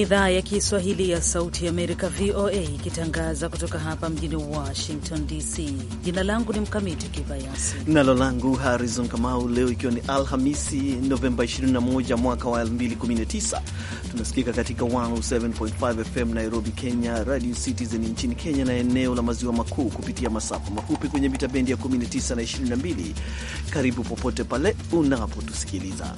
idhaa ya Kiswahili ya Sauti ya Amerika, VOA, ikitangaza kutoka hapa mjini Washington DC. Jina langu ni Mkamiti Kibayasi nalo langu Harizon Kamau. Leo ikiwa ni Alhamisi Novemba 21 mwaka wa 2019, tunasikika katika 107.5 FM Nairobi, Kenya, Radio Citizen nchini Kenya na eneo la maziwa makuu kupitia masafa mafupi kwenye mita bendi ya 19 na 22. Karibu popote pale unapotusikiliza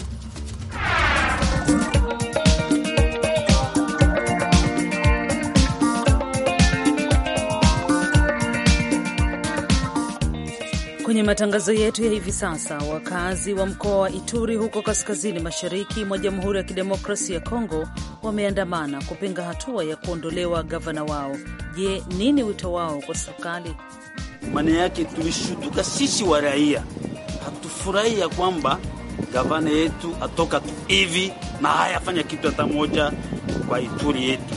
Kwenye matangazo yetu ya hivi sasa, wakazi wa mkoa wa Ituri huko kaskazini mashariki mwa Jamhuri ya Kidemokrasia ya Kongo wameandamana kupinga hatua ya kuondolewa gavana wao. Je, nini wito wao kwa serikali? Maana yake tulishutuka sisi wa raia, hatufurahi ya kwamba gavana yetu atoka tu hivi na hayafanya kitu hata moja kwa Ituri yetu.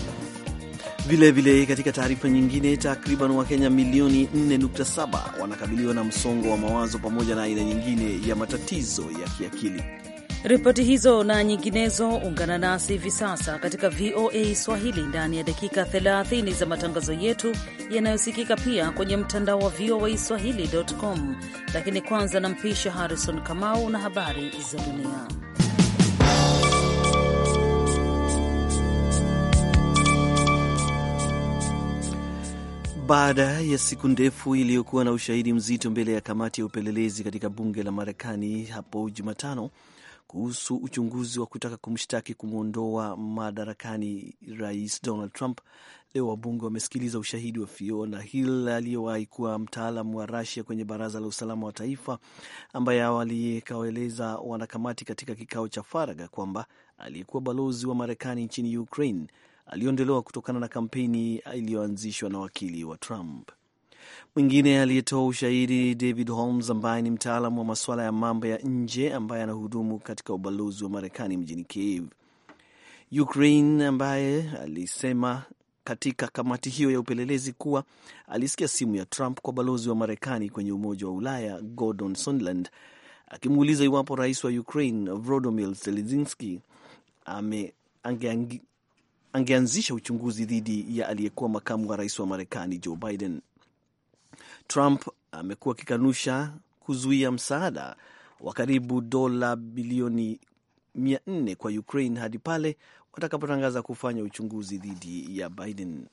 Vilevile, katika taarifa nyingine, takriban Wakenya milioni 4.7 wanakabiliwa na msongo wa mawazo pamoja na aina nyingine ya matatizo ya kiakili. Ripoti hizo na nyinginezo, ungana nasi hivi sasa katika VOA Swahili ndani ya dakika 30 za matangazo yetu yanayosikika pia kwenye mtandao wa VOA Swahili.com. Lakini kwanza nampisha Harrison Kamau na habari za dunia. Baada ya siku ndefu iliyokuwa na ushahidi mzito mbele ya kamati ya upelelezi katika bunge la Marekani hapo Jumatano kuhusu uchunguzi wa kutaka kumshtaki kumwondoa madarakani Rais Donald Trump, leo wabunge wamesikiliza ushahidi wa Fiona Hill aliyewahi kuwa mtaalam wa Rusia kwenye Baraza la Usalama wa Taifa, ambaye awali kawaeleza wanakamati katika kikao cha faraga kwamba aliyekuwa balozi wa Marekani nchini Ukraine aliondolewa kutokana na kampeni iliyoanzishwa na wakili wa Trump. Mwingine aliyetoa ushahidi David Holmes, ambaye ni mtaalamu wa masuala ya mambo ya nje ambaye anahudumu katika ubalozi wa Marekani mjini Kiev, Ukraine, ambaye alisema katika kamati hiyo ya upelelezi kuwa alisikia simu ya Trump kwa balozi wa Marekani kwenye Umoja wa Ulaya Gordon Sondland akimuuliza iwapo rais wa Ukraine Volodymyr Zelensky ame, angeanzisha uchunguzi dhidi ya aliyekuwa makamu wa rais wa Marekani Joe Biden. Trump amekuwa akikanusha kuzuia msaada wa karibu dola bilioni 400 kwa Ukraine hadi pale watakapotangaza kufanya uchunguzi dhidi ya Biden.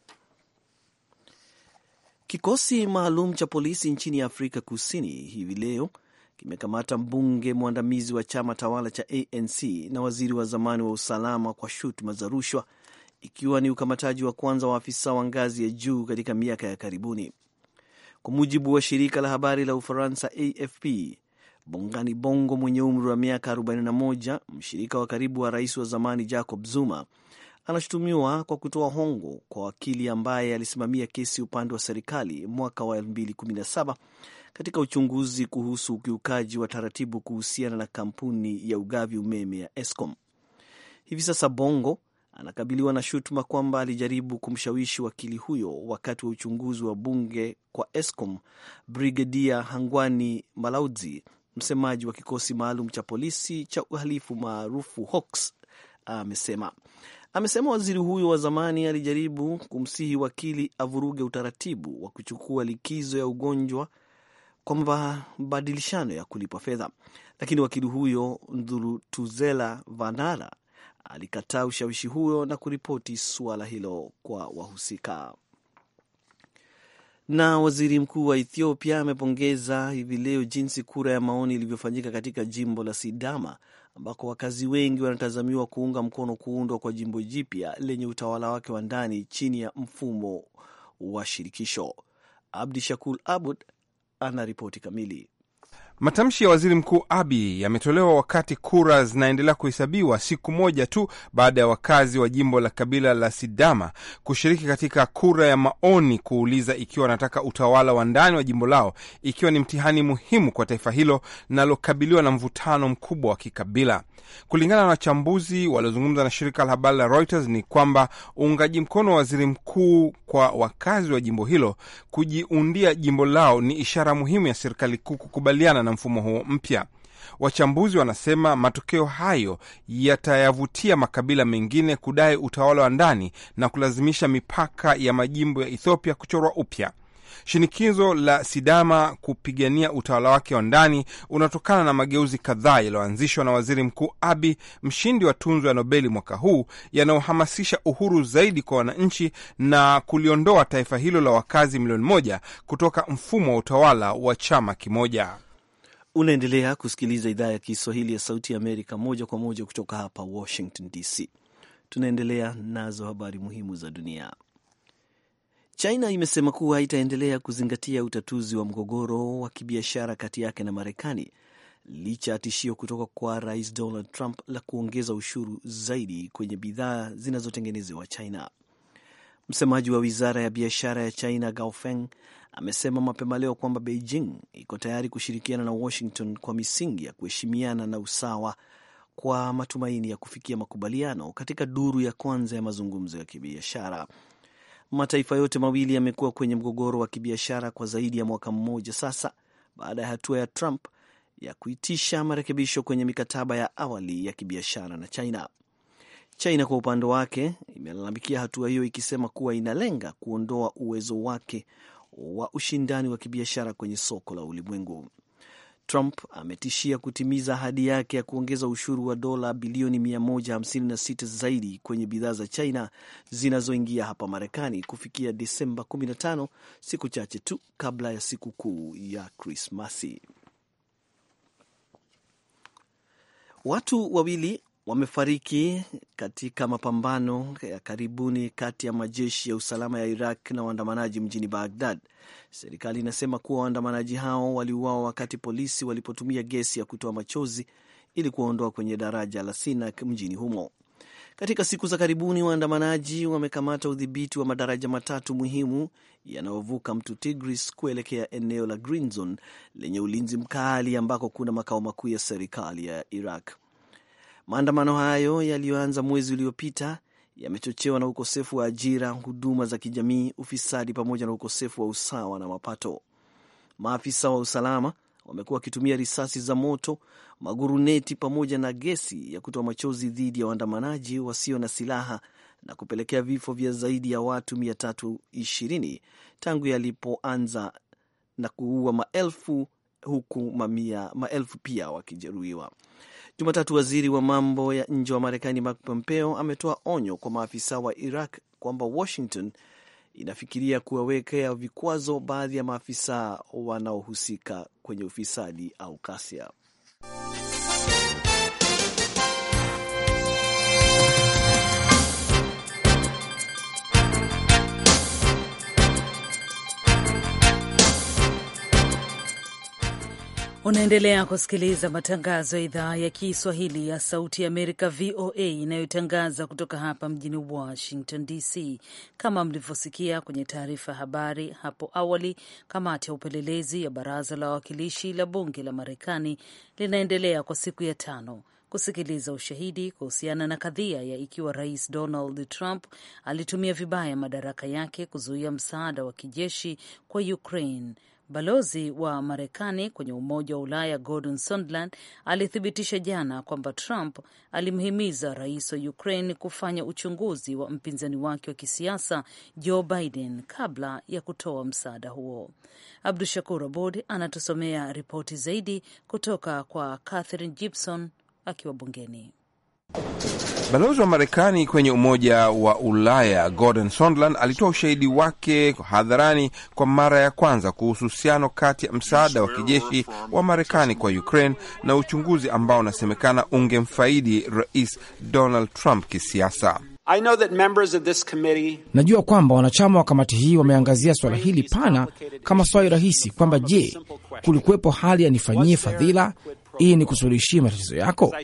Kikosi maalum cha polisi nchini Afrika Kusini hivi leo kimekamata mbunge mwandamizi wa chama tawala cha ANC na waziri wa zamani wa usalama kwa shutuma za rushwa ikiwa ni ukamataji wa kwanza wa afisa wa ngazi ya juu katika miaka ya karibuni. Kwa mujibu wa shirika la habari la Ufaransa AFP, Bongani Bongo mwenye umri wa miaka 41, mshirika wa karibu wa rais wa zamani Jacob Zuma, anashutumiwa kwa kutoa hongo kwa wakili ambaye alisimamia kesi upande wa serikali mwaka wa 2017 katika uchunguzi kuhusu ukiukaji wa taratibu kuhusiana na kampuni ya ugavi umeme ya Eskom. Hivi sasa Bongo anakabiliwa na shutuma kwamba alijaribu kumshawishi wakili huyo wakati wa uchunguzi wa bunge kwa Escom. Brigedia Hangwani Malaudzi, msemaji wa kikosi maalum cha polisi cha uhalifu maarufu Hawks, amesema amesema waziri huyo wa zamani alijaribu kumsihi wakili avuruge utaratibu wa kuchukua likizo ya ugonjwa kwa mabadilishano ya kulipwa fedha, lakini wakili huyo Ndhurutuzela Vanara alikataa ushawishi huo na kuripoti suala hilo kwa wahusika. Na waziri mkuu wa Ethiopia amepongeza hivi leo jinsi kura ya maoni ilivyofanyika katika jimbo la Sidama ambako wakazi wengi wanatazamiwa kuunga mkono kuundwa kwa jimbo jipya lenye utawala wake wa ndani chini ya mfumo wa shirikisho. Abdi Shakur Abud ana ripoti kamili. Matamshi ya waziri mkuu Abi yametolewa wakati kura zinaendelea kuhesabiwa siku moja tu baada ya wakazi wa jimbo la kabila la Sidama kushiriki katika kura ya maoni kuuliza ikiwa wanataka utawala wa ndani wa jimbo lao, ikiwa ni mtihani muhimu kwa taifa hilo linalokabiliwa na mvutano mkubwa wa kikabila. Kulingana na wachambuzi waliozungumza na shirika la habari la Reuters ni kwamba uungaji mkono wa waziri mkuu kwa wakazi wa jimbo hilo kujiundia jimbo lao ni ishara muhimu ya serikali kuu kukubaliana na na mfumo huo mpya. Wachambuzi wanasema matokeo hayo yatayavutia makabila mengine kudai utawala wa ndani na kulazimisha mipaka ya majimbo ya Ethiopia kuchorwa upya. Shinikizo la Sidama kupigania utawala wake wa ndani unatokana na mageuzi kadhaa yaliyoanzishwa na waziri mkuu Abi, mshindi wa tunzo ya Nobeli mwaka huu, yanayohamasisha uhuru zaidi kwa wananchi na kuliondoa taifa hilo la wakazi milioni moja kutoka mfumo wa utawala wa chama kimoja. Unaendelea kusikiliza idhaa ya Kiswahili ya Sauti ya Amerika moja kwa moja kutoka hapa Washington DC. Tunaendelea nazo habari muhimu za dunia. China imesema kuwa itaendelea kuzingatia utatuzi wa mgogoro wa kibiashara kati yake na Marekani licha ya tishio kutoka kwa Rais Donald Trump la kuongeza ushuru zaidi kwenye bidhaa zinazotengenezewa China. Msemaji wa wizara ya biashara ya China Gaofeng amesema mapema leo kwamba Beijing iko tayari kushirikiana na Washington kwa misingi ya kuheshimiana na usawa kwa matumaini ya kufikia makubaliano katika duru ya kwanza ya mazungumzo ya kibiashara. Mataifa yote mawili yamekuwa kwenye mgogoro wa kibiashara kwa zaidi ya mwaka mmoja sasa baada ya hatua ya Trump ya kuitisha marekebisho kwenye mikataba ya awali ya kibiashara na China. China kwa upande wake imelalamikia hatua hiyo ikisema kuwa inalenga kuondoa uwezo wake wa ushindani wa kibiashara kwenye soko la ulimwengu. Trump ametishia kutimiza ahadi yake ya kuongeza ushuru wa dola bilioni 156 zaidi kwenye bidhaa za China zinazoingia hapa Marekani kufikia Desemba 15, siku chache tu kabla ya siku kuu ya Krismasi. Watu wawili wamefariki katika mapambano ya karibuni kati ya majeshi ya usalama ya Iraq na waandamanaji mjini Baghdad. Serikali inasema kuwa waandamanaji hao waliuawa wakati polisi walipotumia gesi ya kutoa machozi ili kuwaondoa kwenye daraja la Sinak mjini humo. Katika siku za karibuni, waandamanaji wamekamata udhibiti wa madaraja matatu muhimu yanayovuka mto Tigris kuelekea eneo la Green Zone lenye ulinzi mkali ambako kuna makao makuu ya serikali ya Iraq. Maandamano hayo yaliyoanza mwezi uliopita yamechochewa na ukosefu wa ajira, huduma za kijamii, ufisadi pamoja na ukosefu wa usawa na mapato. Maafisa wa usalama wamekuwa wakitumia risasi za moto, maguruneti pamoja na gesi ya kutoa machozi dhidi ya waandamanaji wasio na silaha na kupelekea vifo vya zaidi ya watu 320 tangu yalipoanza na kuua maelfu huku mamia maelfu pia wakijeruhiwa. Jumatatu, waziri wa mambo ya nje wa Marekani Mark Pompeo ametoa onyo kwa maafisa wa Iraq kwamba Washington inafikiria kuwawekea vikwazo baadhi ya maafisa wanaohusika kwenye ufisadi au kasia Unaendelea kusikiliza matangazo ya idhaa ya Kiswahili ya Sauti ya Amerika, VOA, inayotangaza kutoka hapa mjini Washington DC. Kama mlivyosikia kwenye taarifa ya habari hapo awali, kamati ya upelelezi ya Baraza la Wawakilishi la Bunge la Marekani linaendelea kwa siku ya tano kusikiliza ushahidi kuhusiana na kadhia ya ikiwa rais Donald Trump alitumia vibaya madaraka yake kuzuia msaada wa kijeshi kwa Ukraine Balozi wa Marekani kwenye Umoja wa Ulaya Gordon Sondland alithibitisha jana kwamba Trump alimhimiza rais wa Ukraine kufanya uchunguzi wa mpinzani wake wa kisiasa Joe Biden kabla ya kutoa msaada huo. Abdu Shakur Abod anatusomea ripoti zaidi kutoka kwa Catherine Gibson akiwa bungeni. Balozi wa Marekani kwenye Umoja wa Ulaya Gordon Sondland alitoa ushahidi wake hadharani kwa mara ya kwanza kuhusu uhusiano kati ya msaada wa kijeshi wa Marekani kwa Ukraine na uchunguzi ambao unasemekana ungemfaidi Rais Donald Trump kisiasa. I know that members of this committee... najua kwamba wanachama wa kamati hii wameangazia swala hili pana kama swali rahisi kwamba je, kulikuwepo hali yanifanyie fadhila hii ni kusuluhishia matatizo yako?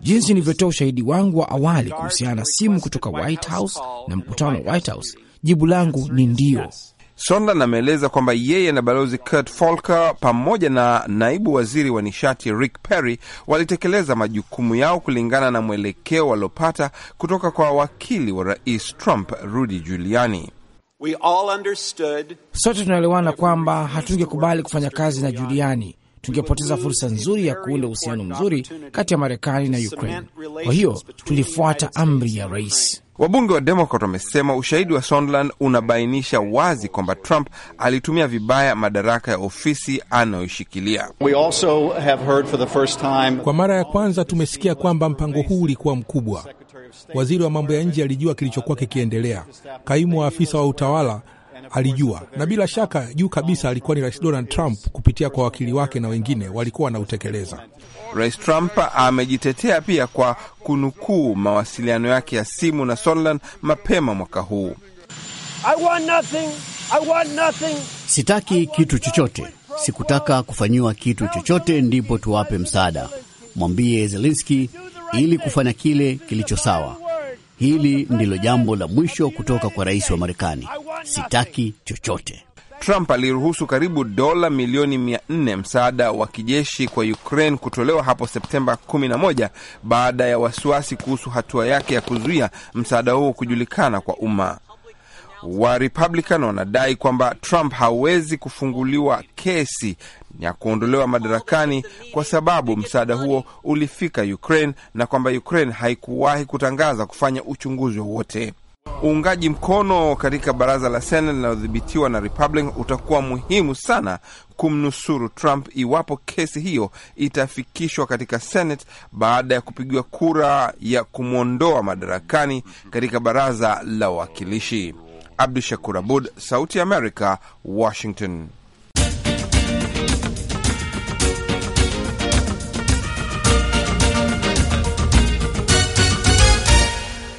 Jinsi nilivyotoa ushahidi wangu wa awali kuhusiana na simu kutoka White House na mkutano wa White House, jibu langu ni ndio Sondland ameeleza kwamba yeye na balozi Kurt Volker pamoja na naibu waziri wa nishati Rick Perry walitekeleza majukumu yao kulingana na mwelekeo waliopata kutoka kwa wakili wa rais Trump Rudy Giuliani. Sote tunaelewana kwamba hatungekubali kufanya kazi na Giuliani tungepoteza fursa nzuri ya kuunda uhusiano mzuri kati ya Marekani na Ukraine. Kwa hiyo tulifuata amri ya rais. Wabunge wa Demokrat wamesema ushahidi wa Sondland unabainisha wazi kwamba Trump alitumia vibaya madaraka ya ofisi anayoshikilia. Kwa mara ya kwanza tumesikia kwamba mpango huu ulikuwa mkubwa. Waziri wa mambo ya nje alijua kilichokuwa kikiendelea. Kaimu wa afisa wa utawala alijua, na bila shaka juu kabisa alikuwa ni Rais Donald Trump kupitia kwa wakili wake na wengine walikuwa wanautekeleza. Rais Trump amejitetea pia kwa kunukuu mawasiliano yake ya simu na Sondland mapema mwaka huu. I want nothing. I want nothing. Sitaki kitu chochote, sikutaka kufanyiwa kitu chochote, ndipo tuwape msaada. Mwambie Zelenski ili kufanya kile kilicho sawa Hili ndilo jambo la mwisho kutoka kwa rais wa Marekani. Sitaki chochote. Trump aliruhusu karibu dola milioni 400 msaada wa kijeshi kwa Ukraine kutolewa hapo Septemba 11 baada ya wasiwasi kuhusu hatua yake ya kuzuia msaada huo kujulikana kwa umma wa Republican wanadai kwamba Trump hawezi kufunguliwa kesi ya kuondolewa madarakani kwa sababu msaada huo ulifika Ukraine na kwamba Ukraine haikuwahi kutangaza kufanya uchunguzi wowote. Uungaji mkono katika baraza la Senate linalodhibitiwa na Republican utakuwa muhimu sana kumnusuru Trump iwapo kesi hiyo itafikishwa katika Senate baada ya kupigiwa kura ya kumwondoa madarakani katika baraza la wawakilishi. Abdu Shakur Abud, Sauti ya Amerika, Washington.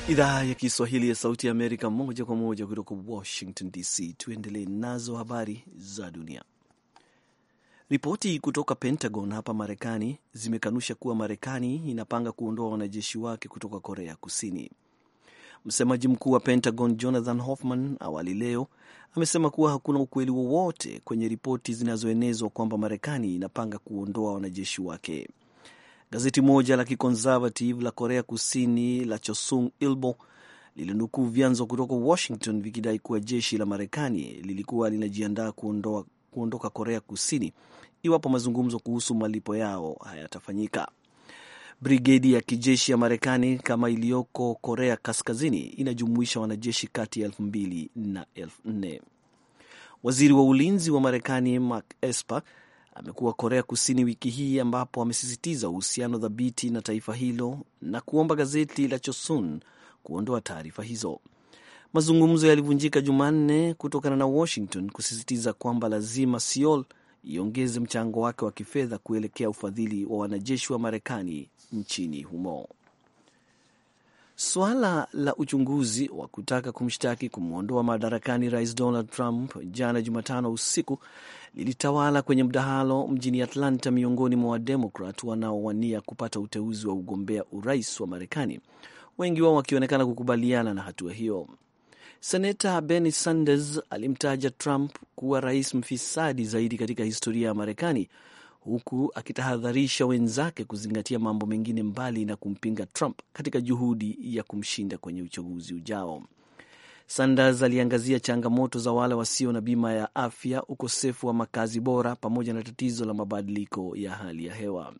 Idhaa ya Kiswahili ya Sauti ya Amerika, moja kwa moja kutoka Washington DC. Tuendelee nazo habari za dunia. Ripoti kutoka Pentagon hapa Marekani zimekanusha kuwa Marekani inapanga kuondoa wanajeshi wake kutoka Korea Kusini. Msemaji mkuu wa Pentagon Jonathan Hoffman awali leo amesema kuwa hakuna ukweli wowote kwenye ripoti zinazoenezwa kwamba Marekani inapanga kuondoa wanajeshi wake. Gazeti moja la kiconservative la Korea Kusini la Chosung Ilbo lilinukuu vyanzo kutoka Washington vikidai kuwa jeshi la Marekani lilikuwa linajiandaa kuondoka Korea Kusini iwapo mazungumzo kuhusu malipo yao hayatafanyika. Brigedi ya kijeshi ya Marekani kama iliyoko Korea Kaskazini inajumuisha wanajeshi kati ya elfu mbili na elfu nne. Waziri wa ulinzi wa Marekani Mark Esper amekuwa Korea Kusini wiki hii, ambapo amesisitiza uhusiano dhabiti na taifa hilo na kuomba gazeti la Chosun kuondoa taarifa hizo. Mazungumzo yalivunjika Jumanne kutokana na Washington kusisitiza kwamba lazima Seoul iongeze mchango wake wa kifedha kuelekea ufadhili wa wanajeshi wa Marekani nchini humo. swala la uchunguzi wa kutaka kumshtaki kumwondoa madarakani rais Donald Trump jana Jumatano usiku lilitawala kwenye mdahalo mjini Atlanta miongoni mwa Wademokrat wanaowania kupata uteuzi wa ugombea urais wa Marekani, wengi wao wakionekana kukubaliana na hatua hiyo. Senata Bernie Sanders alimtaja Trump kuwa rais mfisadi zaidi katika historia ya Marekani huku akitahadharisha wenzake kuzingatia mambo mengine mbali na kumpinga Trump katika juhudi ya kumshinda kwenye uchaguzi ujao. Sanders aliangazia changamoto za wale wasio na bima ya afya, ukosefu wa makazi bora, pamoja na tatizo la mabadiliko ya hali ya hewa.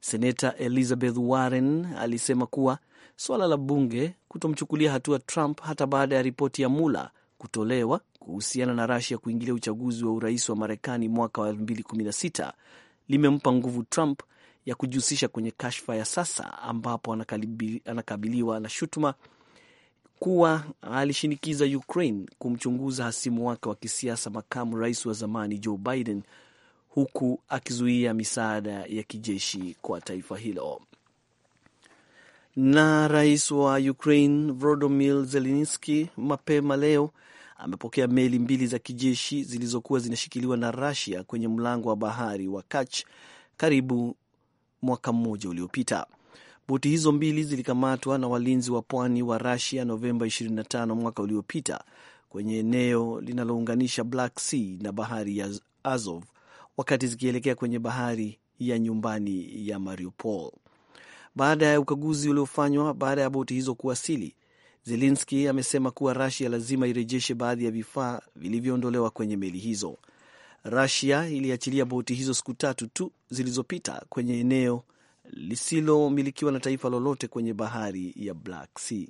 senata Elizabeth Warren alisema kuwa suala la bunge kutomchukulia hatua Trump hata baada ya ripoti ya Mueller kutolewa kuhusiana na rasia kuingilia uchaguzi wa urais wa Marekani mwaka wa 2016 limempa nguvu Trump ya kujihusisha kwenye kashfa ya sasa ambapo anakabiliwa na shutuma kuwa alishinikiza Ukraine kumchunguza hasimu wake wa kisiasa, makamu rais wa zamani Joe Biden, huku akizuia misaada ya kijeshi kwa taifa hilo na rais wa Ukraine Volodymyr Zelensky mapema leo amepokea meli mbili za kijeshi zilizokuwa zinashikiliwa na Russia kwenye mlango wa bahari wa Kerch karibu mwaka mmoja uliopita. Boti hizo mbili zilikamatwa na walinzi wa pwani wa Russia Novemba 25 mwaka uliopita kwenye eneo linalounganisha Black Sea na bahari ya Azov wakati zikielekea kwenye bahari ya nyumbani ya Mariupol baada ya ukaguzi uliofanywa baada ya boti hizo kuwasili. Zelenski amesema kuwa rasia lazima irejeshe baadhi ya vifaa vilivyoondolewa kwenye meli hizo. rasia iliachilia boti hizo siku tatu tu zilizopita kwenye eneo lisilomilikiwa na taifa lolote kwenye bahari ya Black Sea.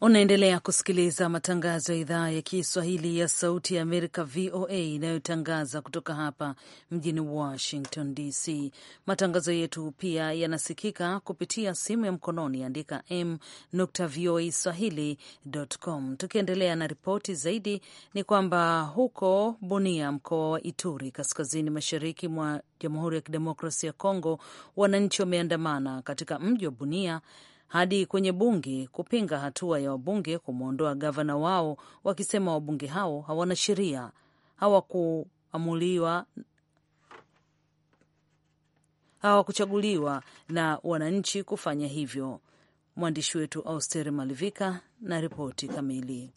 Unaendelea kusikiliza matangazo ya idhaa ya Kiswahili ya Sauti ya Amerika, VOA, inayotangaza kutoka hapa mjini Washington DC. Matangazo yetu pia yanasikika kupitia simu ya mkononi, andika m.voaswahili.com. Tukiendelea na ripoti zaidi, ni kwamba huko Bunia, mkoa wa Ituri, kaskazini mashariki mwa Jamhuri ya Kidemokrasia ya Kongo, wananchi wameandamana katika mji wa Bunia hadi kwenye bunge kupinga hatua ya wabunge kumwondoa gavana wao, wakisema wabunge hao hawana sheria, hawakuamuliwa hawakuchaguliwa na wananchi kufanya hivyo. Mwandishi wetu Auster Malivika na ripoti kamili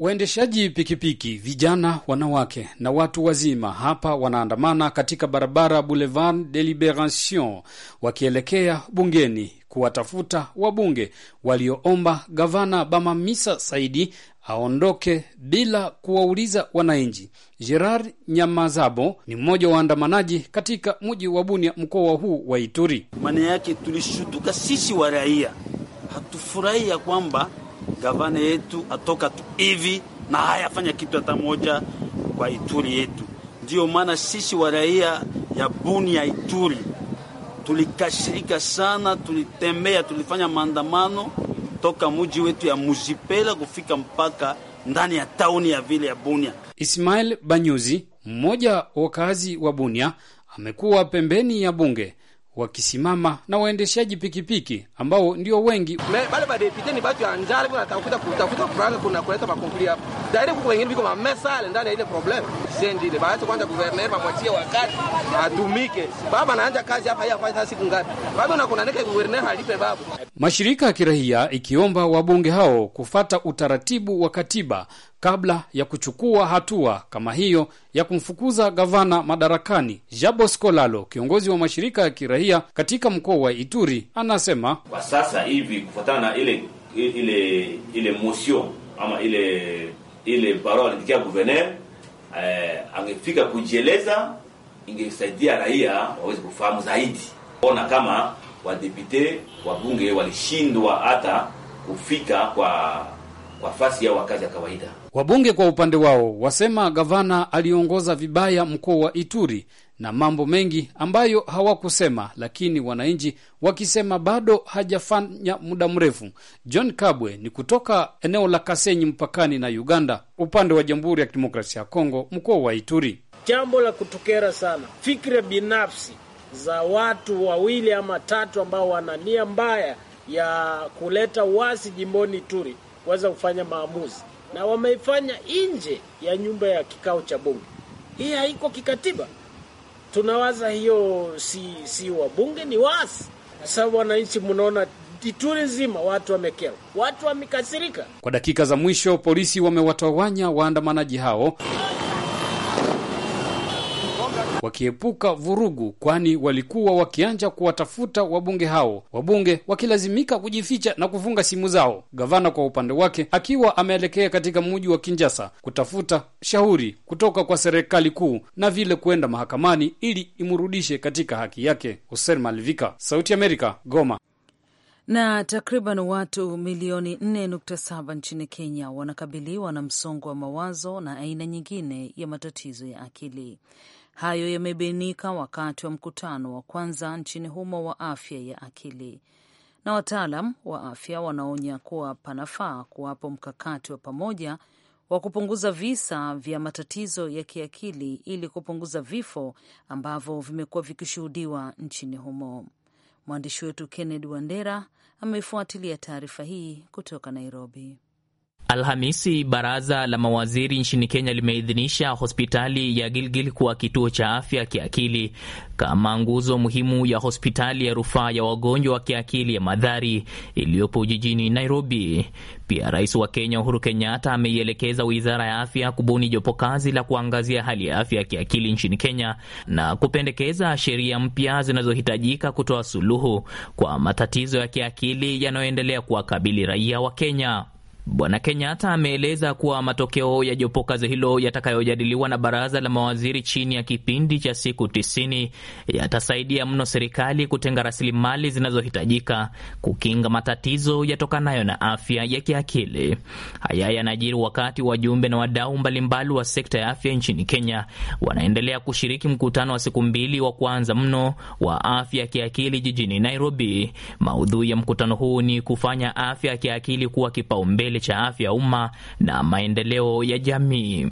Waendeshaji pikipiki, vijana, wanawake na watu wazima hapa wanaandamana katika barabara Boulevard de Liberation wakielekea bungeni kuwatafuta wabunge walioomba gavana Bamamisa Saidi aondoke bila kuwauliza wananchi. Gerard Nyamazabo ni mmoja wa waandamanaji katika mji wa Bunia, mkoa huu wa Ituri. Maana yake tulishutuka sisi wa raia, hatufurahi ya kwamba gavana yetu atoka tu hivi na hayafanya kitu hata moja kwa Ituri yetu. Ndiyo maana sisi wa raia ya Buni ya Ituri tulikashirika sana, tulitembea, tulifanya maandamano toka muji wetu ya Muzipela kufika mpaka ndani ya tauni ya vile ya Bunia. Ismail Banyuzi, mmoja wa wakazi wa Bunia, amekuwa pembeni ya bunge wakisimama na waendeshaji pikipiki ambao ndio wengi bale badepite ni batu ya njala wanatafuta kutafuta franga kuna kuleta makonfli hapa daire kuko wengine biko mamesa ale ndani ile problem sendi ile baacha kwanza guverneur bamwachie wakati atumike baba anaanza kazi hapa hapa sasa siku ngapi baba unakuna neke guverneur halipe babu mashirika ya kirahia ikiomba wabunge hao kufata utaratibu wa katiba kabla ya kuchukua hatua kama hiyo ya kumfukuza gavana madarakani. Jabos Kolalo, kiongozi wa mashirika ya kiraia katika mkoa wa Ituri, anasema kwa sasa hivi kufuatana na ile ile ile motion ama ile ile barua aliandikia guverner, eh, angefika kujieleza, ingesaidia raia waweze kufahamu zaidi, ona kama wadepute wa bunge walishindwa hata kufika kwa kwa fasi ya wakazi ya kawaida. Wabunge kwa upande wao wasema gavana aliongoza vibaya mkoa wa Ituri na mambo mengi ambayo hawakusema, lakini wananchi wakisema bado hajafanya muda mrefu. John Kabwe ni kutoka eneo la Kasenyi mpakani na Uganda, upande wa Jamhuri ya Kidemokrasia ya Kongo, mkoa wa Ituri. Jambo la kutokera sana, fikira binafsi za watu wawili ama tatu ambao wana nia mbaya ya kuleta uasi jimboni Ituri kuweza kufanya maamuzi, na wameifanya nje ya nyumba ya kikao cha bunge. Hii haiko kikatiba. Tunawaza hiyo si, si wabunge ni waasi. sababu wananchi, mnaona Ituri nzima watu wamekewa, watu wamekasirika. Kwa dakika za mwisho polisi wamewatawanya waandamanaji hao wakiepuka vurugu, kwani walikuwa wakianja kuwatafuta wabunge hao, wabunge wakilazimika kujificha na kufunga simu zao. Gavana kwa upande wake akiwa ameelekea katika mji wa Kinjasa kutafuta shauri kutoka kwa serikali kuu na vile kuenda mahakamani ili imrudishe katika haki yake. Hussein Malivika, Sauti Amerika, Goma na takriban watu milioni 4.7 nchini Kenya wanakabiliwa na msongo wa mawazo na aina nyingine ya matatizo ya akili. Hayo yamebainika wakati wa mkutano wa kwanza nchini humo wa afya ya akili, na wataalam wa afya wanaonya kuwa panafaa kuwapo mkakati wa pamoja wa kupunguza visa vya matatizo ya kiakili ili kupunguza vifo ambavyo vimekuwa vikishuhudiwa nchini humo. Mwandishi wetu Kennedy Wandera amefuatilia taarifa hii kutoka Nairobi. Alhamisi, baraza la mawaziri nchini Kenya limeidhinisha hospitali ya Gilgil kuwa kituo cha afya kiakili kama nguzo muhimu ya hospitali ya rufaa ya wagonjwa wa kiakili ya Madhari iliyopo jijini Nairobi. Pia rais wa Kenya Uhuru Kenyatta ameielekeza wizara ya afya kubuni jopo kazi la kuangazia hali ya afya ya kiakili nchini Kenya na kupendekeza sheria mpya zinazohitajika kutoa suluhu kwa matatizo ya kiakili yanayoendelea kuwakabili raia wa Kenya. Bwana Kenyatta ameeleza kuwa matokeo ya jopo kazi hilo yatakayojadiliwa na baraza la mawaziri chini ya kipindi cha siku tisini yatasaidia mno serikali kutenga rasilimali zinazohitajika kukinga matatizo yatokanayo na afya ya kiakili. Haya yanajiri wakati wajumbe na wadau mbalimbali wa sekta ya afya nchini Kenya wanaendelea kushiriki mkutano wa siku mbili wa kwanza mno wa afya ya kiakili jijini Nairobi. Maudhui ya mkutano huu ni kufanya afya ya kiakili kuwa kipaumbele kipaumbele cha afya ya umma na maendeleo ya jamii.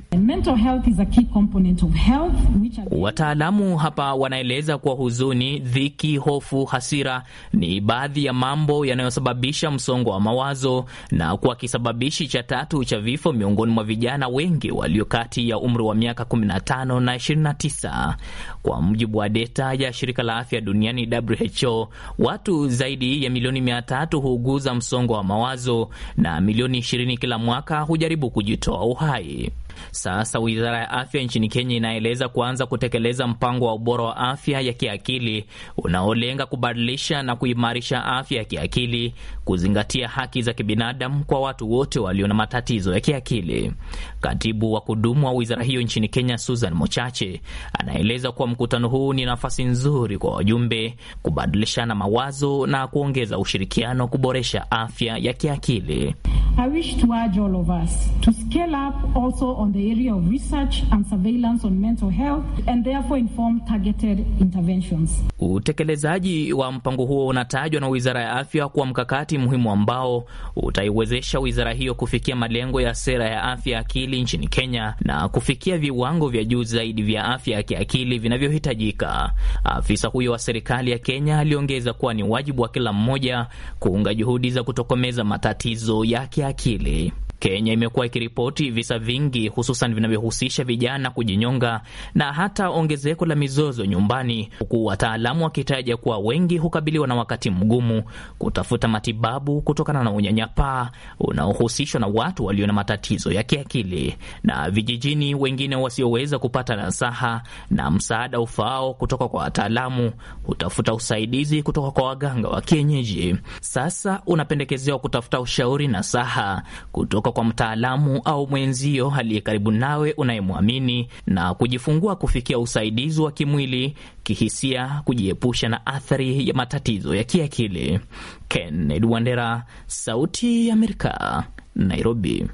Wataalamu hapa wanaeleza kuwa huzuni, dhiki, hofu, hasira ni baadhi ya mambo yanayosababisha msongo wa mawazo na kuwa kisababishi cha tatu cha vifo miongoni mwa vijana wengi walio kati ya umri wa miaka 15 na 29, kwa mujibu wa deta ya shirika la afya duniani WHO. Watu zaidi ya milioni 300 huuguza msongo wa mawazo na milioni milioni 20 kila mwaka hujaribu kujitoa uhai. Sasa wizara ya afya nchini Kenya inaeleza kuanza kutekeleza mpango wa ubora wa afya ya kiakili unaolenga kubadilisha na kuimarisha afya ya kiakili, kuzingatia haki za kibinadamu kwa watu wote walio na matatizo ya kiakili. Katibu wa kudumu wa wizara hiyo nchini Kenya, Susan Mochache, anaeleza kuwa mkutano huu ni nafasi nzuri kwa wajumbe kubadilishana mawazo na kuongeza ushirikiano kuboresha afya ya kiakili. I wish to urge all of us to scale up also on the area of research and surveillance on mental health and therefore inform targeted interventions. Utekelezaji wa mpango huo unatajwa na Wizara ya Afya kuwa mkakati muhimu ambao utaiwezesha wizara hiyo kufikia malengo ya sera ya afya akili nchini Kenya na kufikia viwango vya juu zaidi vya afya ya kiakili vinavyohitajika. Afisa huyo wa serikali ya Kenya aliongeza kuwa ni wajibu wa kila mmoja kuunga juhudi za kutokomeza matatizo yake ya Kenya imekuwa ikiripoti visa vingi hususan vinavyohusisha vijana kujinyonga na hata ongezeko la mizozo nyumbani, huku wataalamu wakitaja kuwa wengi hukabiliwa na wakati mgumu kutafuta matibabu kutokana na unyanyapaa unaohusishwa na watu walio na matatizo ya kiakili, na vijijini wengine wasioweza kupata nasaha na msaada ufaao kutoka kwa wataalamu hutafuta usaidizi kutoka kwa waganga wa kienyeji. Sasa unapendekezewa kutafuta ushauri nasaha kutoka kwa mtaalamu au mwenzio aliye karibu nawe unayemwamini na kujifungua kufikia usaidizi wa kimwili, kihisia, kujiepusha na athari ya matatizo ya kiakili. Kennedy Wandera, Sauti ya Amerika, Nairobi.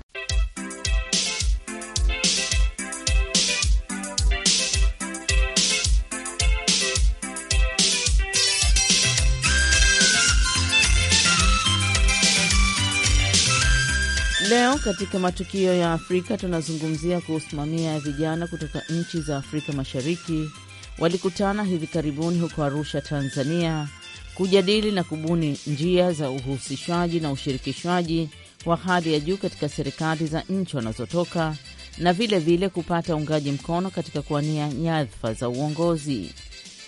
Leo katika matukio ya Afrika tunazungumzia kuhusu mamia ya vijana kutoka nchi za Afrika Mashariki walikutana hivi karibuni huko Arusha, Tanzania, kujadili na kubuni njia za uhusishwaji na ushirikishwaji wa hali ya juu katika serikali za nchi wanazotoka na vile vile kupata uungaji mkono katika kuwania nyadhifa za uongozi.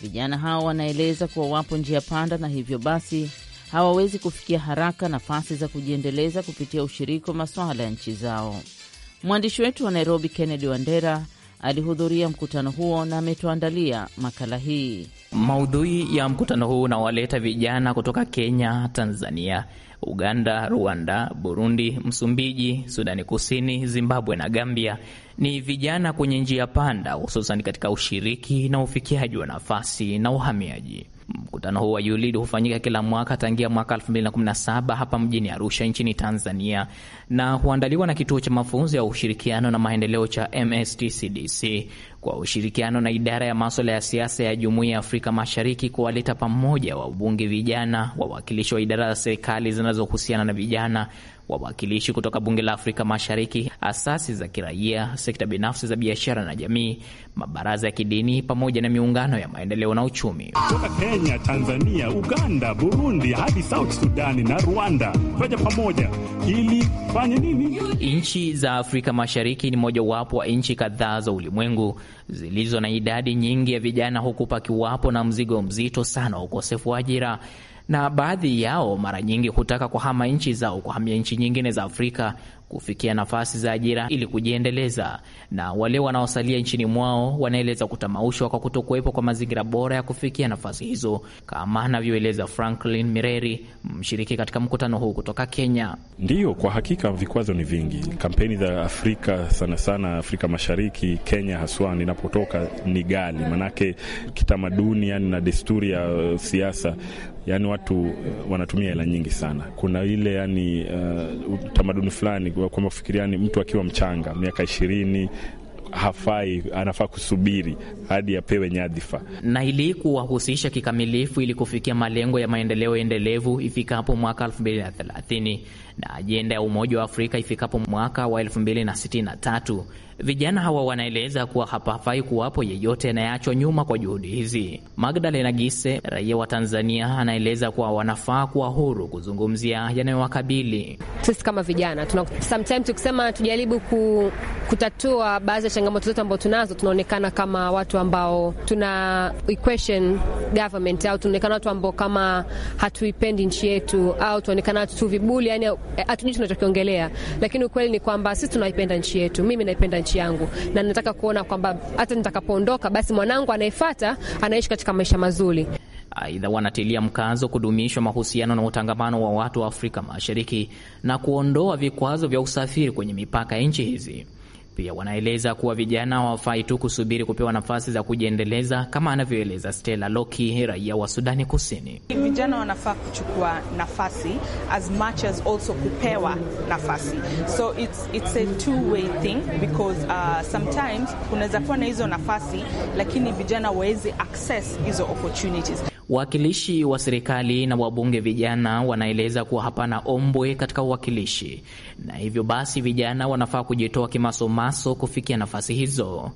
Vijana hao wanaeleza kuwa wapo njia panda na hivyo basi hawawezi kufikia haraka nafasi za kujiendeleza kupitia ushiriki wa masuala ya nchi zao. Mwandishi wetu wa Nairobi, Kennedy Wandera, alihudhuria mkutano huo na ametuandalia makala hii. Maudhui ya mkutano huu unawaleta vijana kutoka Kenya, Tanzania, Uganda, Rwanda, Burundi, Msumbiji, Sudani Kusini, Zimbabwe na Gambia. Ni vijana kwenye njia panda, hususan katika ushiriki na ufikiaji wa nafasi na uhamiaji. Mkutano huu wa ulid hufanyika kila mwaka tangia mwaka 2017 hapa mjini Arusha nchini Tanzania, na huandaliwa na kituo cha mafunzo ya ushirikiano na maendeleo cha MSTCDC kwa ushirikiano na idara ya maswala ya siasa ya Jumuiya ya Afrika Mashariki kuwaleta pamoja wabunge vijana, wawakilishi wa idara za serikali zinazohusiana na vijana, wawakilishi kutoka bunge la Afrika Mashariki, asasi za kiraia, sekta binafsi za biashara na jamii, mabaraza ya kidini, pamoja na miungano ya maendeleo na uchumi kutoka Kenya, Tanzania, Uganda, Burundi hadi South Sudani na Rwanda. Kaja pamoja ili fanye nini? Nchi za Afrika Mashariki ni mojawapo wa nchi kadhaa za ulimwengu zilizo na idadi nyingi ya vijana, huku pakiwapo na mzigo mzito sana wa ukosefu wa ajira na baadhi yao mara nyingi hutaka kuhama nchi zao kuhamia nchi nyingine za Afrika kufikia nafasi za ajira ili kujiendeleza, na wale wanaosalia nchini mwao wanaeleza kutamaushwa kwa kutokuwepo kwa mazingira bora ya kufikia nafasi hizo, kama anavyoeleza Franklin Mireri, mshiriki katika mkutano huu kutoka Kenya. Ndiyo, kwa hakika vikwazo ni vingi. Kampeni za Afrika sana sana, Afrika Mashariki, Kenya haswa ninapotoka, ni gali manake kitamaduni, yani na desturi ya siasa yani watu wanatumia hela nyingi sana. Kuna ile yani uh, utamaduni fulani kwamba fikiriani mtu akiwa mchanga miaka ishirini hafai anafaa kusubiri hadi apewe nyadhifa, na ili kuwahusisha kikamilifu ili kufikia malengo ya maendeleo endelevu ifikapo mwaka 2030 na ajenda ya Umoja wa Afrika ifikapo mwaka wa 2063. Vijana hawa wanaeleza kuwa hapafai kuwapo yeyote anayeachwa nyuma kwa juhudi hizi. Magdalena Gise, raia wa Tanzania, anaeleza kuwa wanafaa kuwa huru kuzungumzia yanayowakabili. Sisi kama vijana tuna sometimes tukisema tujaribu ku, kutatua baadhi ya changamoto zetu ambazo tunazo, tunaonekana kama watu ambao tuna equation government au tunaonekana watu ambao kama hatuipendi nchi yetu au tunaonekana tu vibuli, yani eh, hatujui tunachokiongelea, lakini ukweli ni kwamba sisi tunaipenda nchi yetu. Mimi naipenda nchi yangu, na nataka kuona kwamba hata nitakapoondoka, basi mwanangu anayefata anaishi katika maisha mazuri. Aidha, wanatilia mkazo kudumishwa mahusiano na utangamano wa watu wa Afrika Mashariki na kuondoa vikwazo vya usafiri kwenye mipaka ya nchi hizi. Pia wanaeleza kuwa vijana hawafai tu kusubiri kupewa nafasi za kujiendeleza, kama anavyoeleza Stella Loki, raia wa Sudani Kusini. Vijana wanafaa kuchukua nafasi as much as also kupewa nafasi, so it's, it's a two way thing because uh, sometimes kunaweza kuwa na hizo nafasi, lakini vijana waweze access hizo opportunities. Wawakilishi wa serikali na wabunge vijana wanaeleza kuwa hapana ombwe katika uwakilishi, na hivyo basi vijana wanafaa kujitoa kimasomaso kufikia nafasi hizo.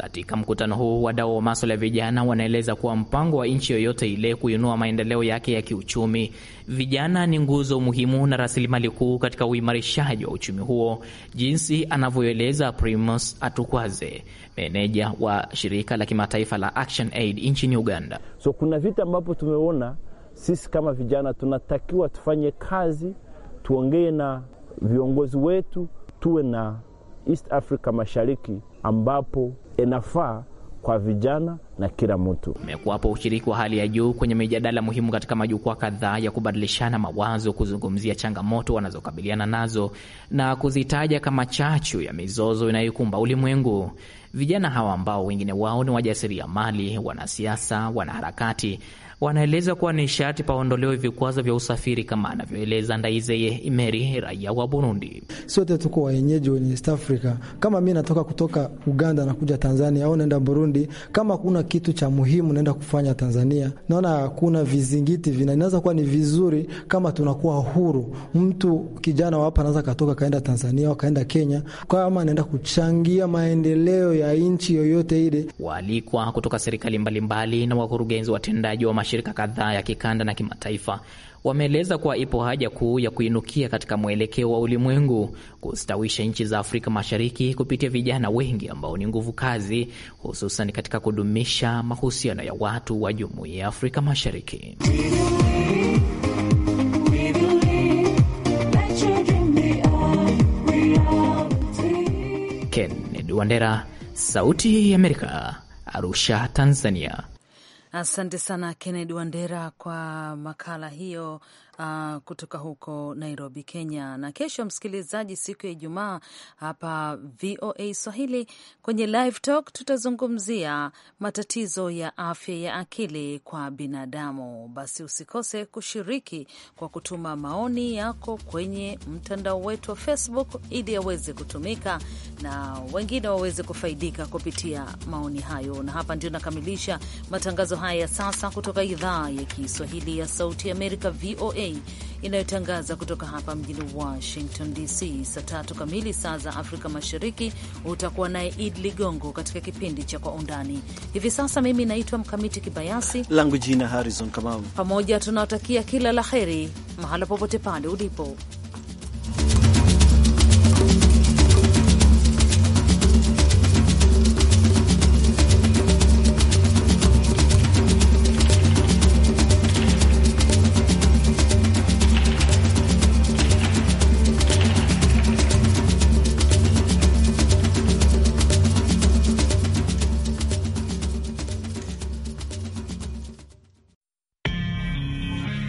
Katika mkutano huu wadau wa maswala ya vijana wanaeleza kuwa mpango wa nchi yoyote ile kuinua maendeleo yake ya kiuchumi, vijana ni nguzo muhimu na rasilimali kuu katika uimarishaji wa uchumi huo, jinsi anavyoeleza Primus Atukwaze, meneja wa shirika la kimataifa la Action Aid nchini Uganda. So kuna vitu ambapo tumeona sisi kama vijana tunatakiwa tufanye kazi, tuongee na viongozi wetu, tuwe na East Africa Mashariki ambapo inafaa kwa vijana na kila mtu. Umekuwapo ushiriki wa hali ya juu kwenye mijadala muhimu katika majukwaa kadhaa ya kubadilishana mawazo, kuzungumzia changamoto wanazokabiliana nazo na kuzitaja kama chachu ya mizozo inayokumba ulimwengu. Vijana hawa ambao wengine wao ni wajasiriamali, wanasiasa, wanaharakati wanaeleza kuwa ni sharti paondolewe vikwazo vya usafiri, kama anavyoeleza Ndaizeye Imeri, raia wa Burundi. Sote tuko wenyeji wenye East Africa. Kama mi natoka kutoka Uganda nakuja Tanzania au naenda Burundi, kama kuna kitu cha muhimu naenda kufanya Tanzania, naona kuna vizingiti vina, inaweza kuwa ni vizuri kama tunakuwa huru. Mtu kijana wa hapa anaweza katoka kaenda Tanzania au kaenda Kenya, kama anaenda kuchangia maendeleo ya nchi yoyote ile. Waalikwa kutoka serikali mbalimbali mbali na wakurugenzi watendaji wa mashirika kadhaa ya kikanda na kimataifa wameeleza kuwa ipo haja kuu ya kuinukia katika mwelekeo wa ulimwengu, kustawisha nchi za Afrika Mashariki kupitia vijana wengi ambao ni nguvu kazi, hususan katika kudumisha mahusiano ya watu wa Jumuiya ya Afrika Mashariki. Kennedy Wandera, Sauti ya Amerika, Arusha, Tanzania. Asante sana Kennedy Wandera kwa makala hiyo uh, kutoka huko Nairobi, Kenya. Na kesho, msikilizaji, siku ya Ijumaa hapa VOA Swahili kwenye Live Talk tutazungumzia matatizo ya afya ya akili kwa binadamu. Basi usikose kushiriki kwa kutuma maoni yako kwenye mtandao wetu wa Facebook ili yaweze kutumika na wengine waweze kufaidika kupitia maoni hayo. Na hapa ndio nakamilisha matangazo haya ya sasa kutoka idhaa ya Kiswahili ya Sauti ya Amerika, VOA inayotangaza kutoka hapa mjini Washington DC. Saa tatu kamili saa za Afrika Mashariki utakuwa naye Id Ligongo katika kipindi cha Kwa Undani. Hivi sasa mimi naitwa Mkamiti Kibayasi, langu jina Harrison Kamau. Pamoja tunawatakia kila la heri mahala popote pale ulipo.